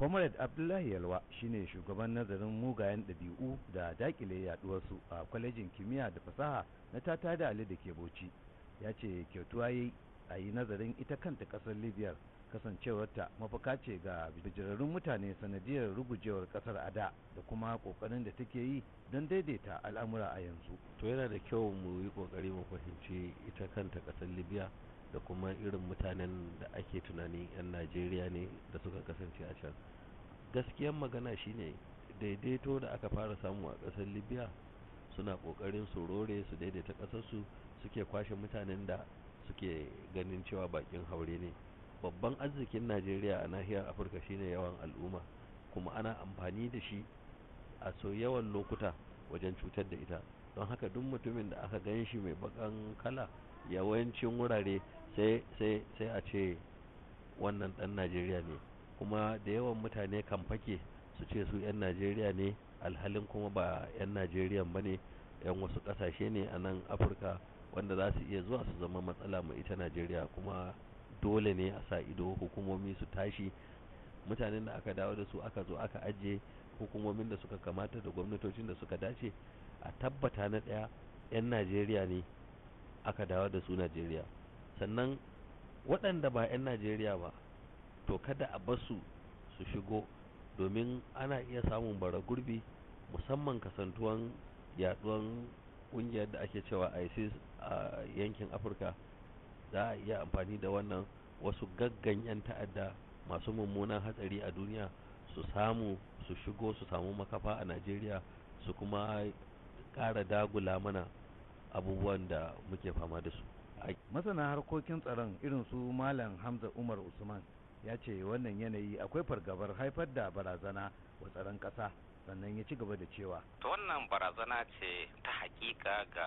comrade abdullahi yalwa shine shugaban nazarin mugayen ɗabi'u da dakile yaduwarsu a kwalejin kimiyya da fasaha na tata da ali da ke bauchi ya ce kyautuwa yi a yi nazarin ita kanta ƙasar libyar kasancewarta mafaka ce ga bijirarrun mutane sanadiyar rugujewar ƙasar a da da kuma ƙoƙarin da take yi don daidaita al'amura a yanzu to yana da kyau mu yi ƙoƙari mu fahimci ita kanta ƙasar libya da kuma irin mutanen da ake tunanin 'yan najeriya ne da suka kasance a can gaskiyan magana shine daidaito da aka fara samu a ƙasar libya suna ƙoƙarin su rore su daidaita ƙasarsu suke kwashe mutanen da suke ganin cewa bakin haure ne babban arzikin najeriya a nahiyar afirka shine yawan al'umma kuma ana amfani da shi a so yawan lokuta wajen cutar da ita don haka duk mutumin da aka gan shi mai bakan kala yawancin wurare sai sai sai a ce wannan dan najeriya ne kuma da yawan mutane kan fake su ce su 'yan najeriya ne alhalin kuma ba 'yan najeriya ba ne 'yan wasu kasashe ne a nan afirka wanda za su iya zuwa su zama matsala mai ita najeriya kuma dole ne a sa ido hukumomi su tashi mutanen da aka dawo da su aka zo aka ajiye hukumomin da suka kamata da gwamnatocin da suka dace a tabbata na ɗaya 'yan najeriya ne aka dawo da su najeriya sannan waɗanda ba 'yan najeriya ba to kada a basu su shigo domin ana iya samun bara gurbi musamman kasantuwan yaduwan ƙungiyar da ake cewa isis a yankin afirka za a iya amfani da wannan wasu gaggan 'yan ta'adda masu mummunan hatsari a duniya su samu su shigo su samu makafa a najeriya su kuma ƙara dagula mana abubuwan da muke fama da su masana harkokin tsaron irin su malam hamza umar usman ya ce wannan yanayi akwai fargabar haifar da barazana wa tsaron kasa sannan ya ci gaba da cewa ta wannan barazana ce ta hakika ga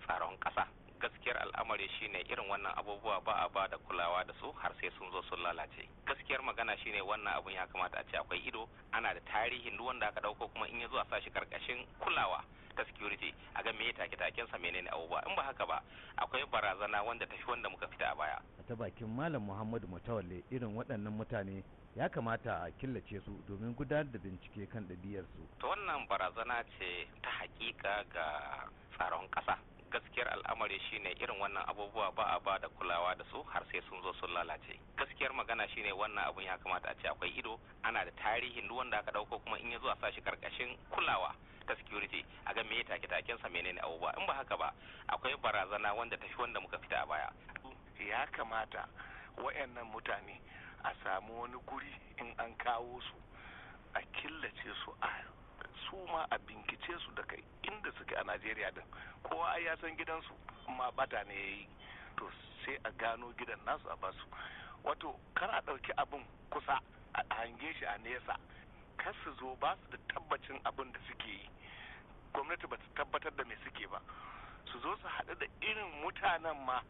tsaron ƙasa gaskiyar al'amari shine irin wannan abubuwa ba a ba da kulawa da su har sai sun zo sun lalace gaskiyar magana shine wannan abun ya kamata a ce akwai ido ana da tarihin duk wanda aka ɗauko, kuma in ya zo a shi karkashin kulawa ta security a ga meye take taken sa menene abubuwa in ba haka ba akwai barazana wanda tafi wanda muka fita a baya ta bakin malam Muhammadu Mutawalle irin waɗannan mutane ya kamata a killace su domin gudanar da bincike kan ɗabi'arsu. ta wannan barazana ce ta hakika ga tsaron ƙasa gaskiyar al'amari shine irin wannan abubuwa ba a ba da kulawa da su har sai sun zo sun lalace gaskiyar magana shine wannan abun ya kamata a ce akwai ido ana da tarihin duk wanda aka dauko kuma in ya zo a sa karkashin kulawa ta security a ga meye take taken sa menene abubuwa in ba haka ba akwai barazana wanda tafi wanda muka fita a baya ya kamata wayannan mutane a samu wani guri in an kawo su a killace su a su ma a bincike su da kai inda suke a najeriya din kowa ai ya san gidansu amma bata ne ya to sai a gano gidan nasu a basu wato kar a ɗauki abin kusa a hange shi a nesa kar su zo ba su da tabbacin abin da suke yi gwamnati ba su tabbatar da me suke ba su zo su haɗu da irin mutanen ma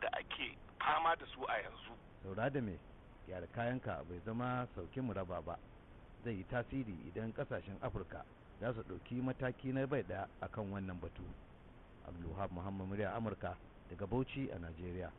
da ake fama da su a yanzu saura da me yar kayanka bai zama sauke mu raba ba zai yi tasiri idan kasashen afirka za su ɗauki mataki na bai ɗaya a kan wannan batu abdulwahab muhammad murya amurka daga bauchi a najeriya